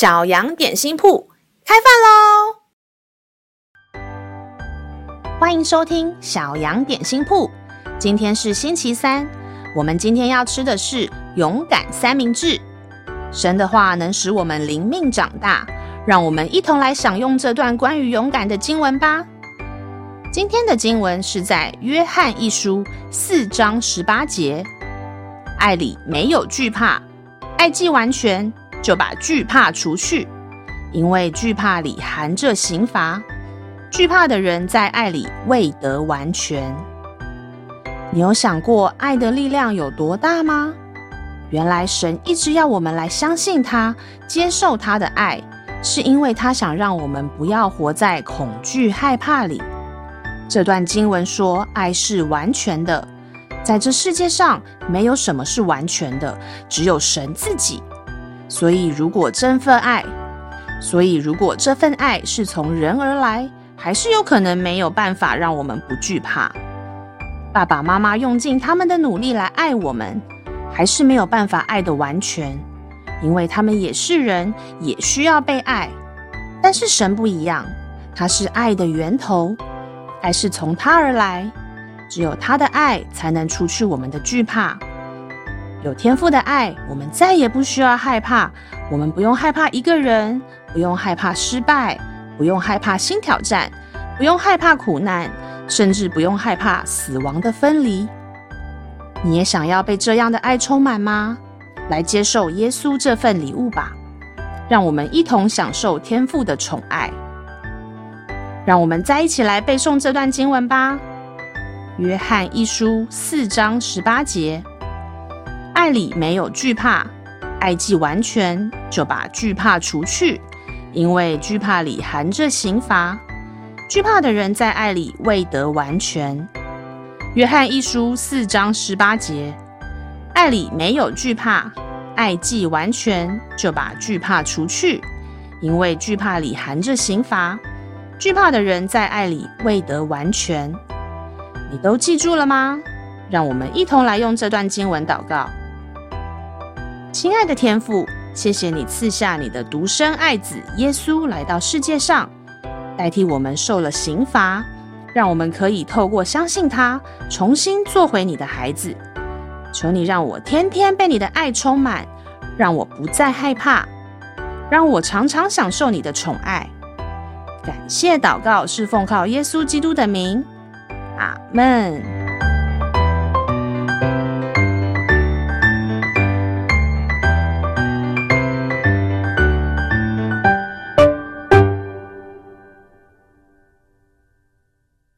小羊點心鋪開飯嘍！歡迎收聽小羊點心鋪。今天是星期三，我們今天要吃的是勇敢三明治。神的話能使我們靈命長大，讓我們一同來享用這段關於勇敢的經文吧。今天的經文是在約翰一書四章十八節。愛裡沒有懼怕，愛既完全，就把懼怕除去，因為懼怕裡含着刑罰。懼怕的人在愛裡未得完全。你有想過愛的力量有多大嗎？原來神一直要我們來相信他，接受他的愛，是因為他想讓我們不要活在恐懼、害怕裡。這段經文說，愛是完全的，在這世界上沒有什麼是完全的，只有神自己。所以，如果這份愛，所以如果這份愛是從人而來，還是有可能沒有辦法讓我們不懼怕。爸爸媽媽用盡他們的努力來愛我們，還是沒有辦法愛得完全，因為他們也是人，也需要被愛。但是神不一樣，他是愛的源頭，愛是從他而來，只有他的愛才能除去我們的懼怕。有天父的愛，我們再也不需要害怕。我們不用害怕一個人，不用害怕失敗，不用害怕新挑戰，不用害怕苦難，甚至不用害怕死亡的分離。你也想要被這樣的愛充滿嗎？來接受耶穌這份禮物吧。讓我們一同享受天父的寵愛。讓我們再一起來背誦這段經文吧，《約翰一書》四章十八節。愛裡沒有懼怕，愛既完全，就把懼怕除去，因為懼怕裡含着刑罰。懼怕的人在愛裡未得完全。約翰一書四章十八節：愛裡沒有懼怕，愛既完全，就把懼怕除去，因為懼怕裡含着刑罰。懼怕的人在愛裡未得完全。你都記住了嗎？讓我們一同來用這段經文禱告。親愛的天父，謝謝你賜下你的獨生愛子耶穌來到世界上，代替我們受了刑罰，讓我們可以透過相信他，重新做回你的孩子。求你讓我天天被你的愛充滿，讓我不再害怕，讓我常常享受你的寵愛。感謝禱告是奉靠耶穌基督的名，阿門。